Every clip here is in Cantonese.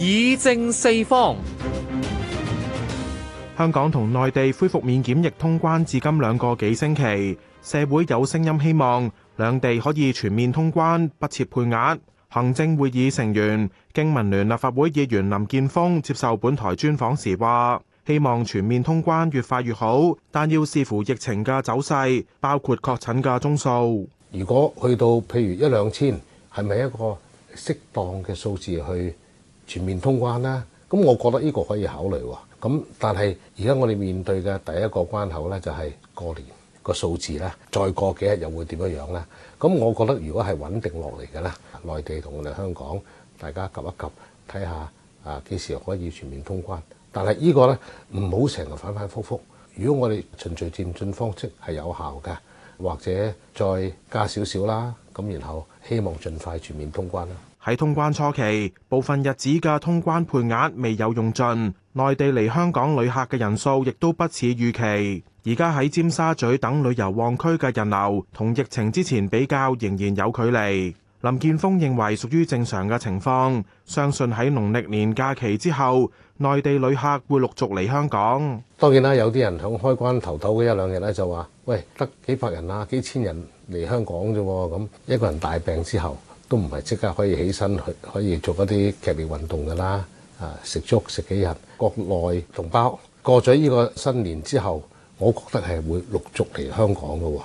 議政四方。香港同內地恢復免檢疫通關至今兩個幾星期，社會有聲音希望兩地可以全面通關，不設配額。行政會議成員、經民聯立法會議員林健鋒接受本台專訪時話，希望全面通關越快越好，但要視乎疫情嘅走勢，包括確診嘅宗數，如果去到譬如一兩千，係咪一個適當嘅數字去？全面通關啦，咁我覺得呢個可以考慮喎。咁但係而家我哋面對嘅第一個關口咧，就係過年個數字咧，再過幾日又會點樣樣咧？咁我覺得如果係穩定落嚟嘅啦，內地同埋香港大家及一及，睇下啊幾時可以全面通關，但係呢個咧唔好成日反反复覆，如果我哋循序漸進方式係有效嘅，或者再加少少啦。咁，然後希望盡快全面通關啦。喺通關初期，部分日子嘅通關配額未有用盡，內地嚟香港旅客嘅人數亦都不似預期。而家喺尖沙咀等旅遊旺區嘅人流，同疫情之前比較仍然有距離。林健鋒認為屬於正常嘅情況，相信喺農曆年假期之後，內地旅客會陸續嚟香港。當然啦，有啲人響開關頭頭嘅一兩日咧，就話，喂，得幾百人啊，幾千人嚟香港啫，咁一個人大病之後，都唔係即刻可以起身去，可以做一啲劇烈運動噶啦。啊，食粥食幾日，國內同胞過咗呢個新年之後，我覺得係會陸續嚟香港噶。過、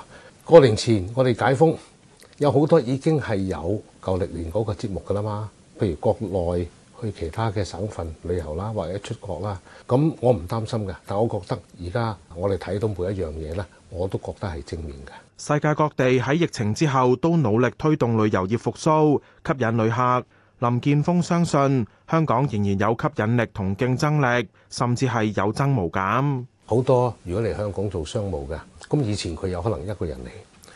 那個、年前我哋解封。有好多已經係有舊歷年嗰個節目噶啦嘛，譬如國內去其他嘅省份旅遊啦，或者出國啦，咁我唔擔心嘅。但我覺得而家我哋睇到每一樣嘢咧，我都覺得係正面嘅。世界各地喺疫情之後都努力推動旅遊業復甦，吸引旅客。林健鋒相信香港仍然有吸引力同競爭力，甚至係有增無減。好多如果嚟香港做商務嘅，咁以前佢有可能一個人嚟。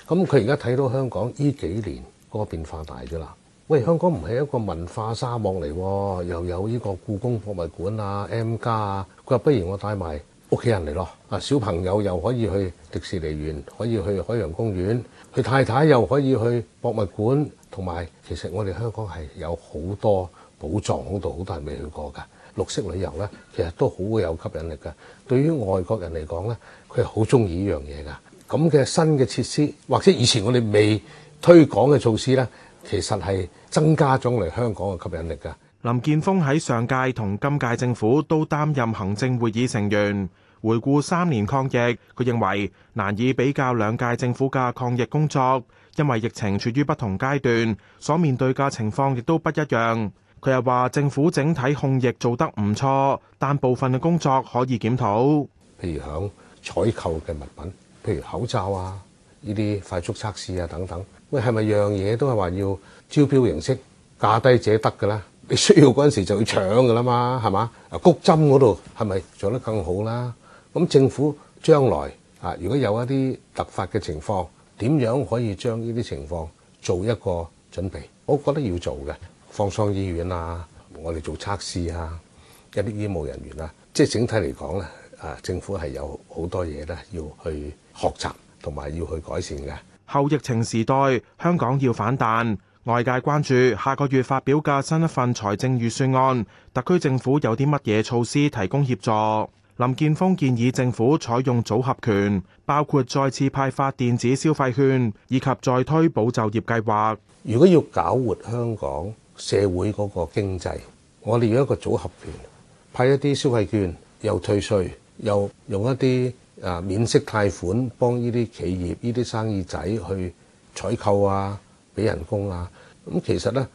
咁佢而家睇到香港依幾年嗰個變化大咗啦。喂，香港唔係一個文化沙漠嚟喎，又有呢個故宮博物館啊、M+ 啊。佢話不如我帶埋屋企人嚟咯。啊，小朋友又可以去迪士尼園，可以去海洋公園，佢太太又可以去博物館同埋其實我哋香港係有好多寶藏喺度，好多人未去過噶。綠色旅遊咧，其實都好有吸引力㗎。對於外國人嚟講咧，佢好中意呢樣嘢噶。咁嘅新嘅設施，或者以前我哋未推廣嘅措施呢，其實係增加咗嚟香港嘅吸引力㗎。林健鋒喺上屆同今屆政府都擔任行政會議成員，回顧三年抗疫，佢認為難以比較兩屆政府嘅抗疫工作，因為疫情處於不同階段，所面對嘅情況亦都不一樣。佢又話，政府整體控疫做得唔錯，但部分嘅工作可以檢討，譬如響採購嘅物品。譬如口罩啊，呢啲快速測試啊等等，喂，係咪樣嘢都係話要招標形式價低者得嘅咧？你需要嗰陣時就要搶嘅啦嘛，係嘛？谷針嗰度係咪做得更好啦？咁政府將來啊，如果有一啲突發嘅情況，點樣可以將呢啲情況做一個準備？我覺得要做嘅，方艙醫院啊，我哋做測試啊，一啲醫務人員啊，即係整體嚟講咧，啊，政府係有好多嘢咧，要去學習同埋要去改善嘅。後疫情時代，香港要反彈，外界關注下個月發表嘅新一份財政預算案，特區政府有啲乜嘢措施提供協助？林健鋒建議政府採用組合拳，包括再次派發電子消費券，以及再推保就業計劃。如果要搞活香港社會嗰個經濟，我哋要一個組合拳，派一啲消費券，又退稅。又用一啲啊免息貸款幫呢啲企業、呢啲生意仔去採購啊、俾人工啊，咁其實咧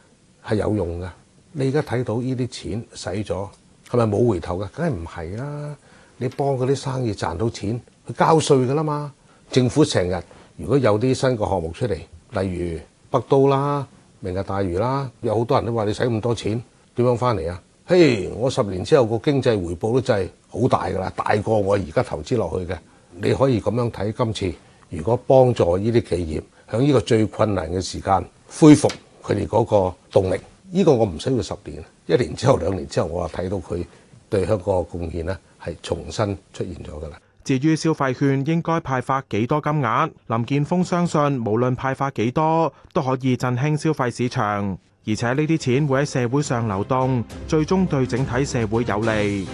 係有用嘅。你而家睇到呢啲錢使咗，係咪冇回頭嘅？梗係唔係啦？你幫嗰啲生意賺到錢，佢交稅㗎啦嘛。政府成日如果有啲新嘅項目出嚟，例如北都啦、明日大嶼啦，有好多人都話你使咁多錢，點樣翻嚟啊？嘿，hey，我十年之後個經濟回報都真係好大噶啦，大過我而家投資落去嘅。你可以咁樣睇今次，如果幫助呢啲企業喺呢個最困難嘅時間恢復佢哋嗰個動力，呢、這個我唔需要十年，一年之後，兩年之後我又睇到佢對香港嘅貢獻呢係重新出現咗噶啦。至於消費券應該派發幾多金額，林健鋒相信無論派發幾多都可以振興消費市場。而且呢啲錢會喺社會上流動，最終對整體社會有利。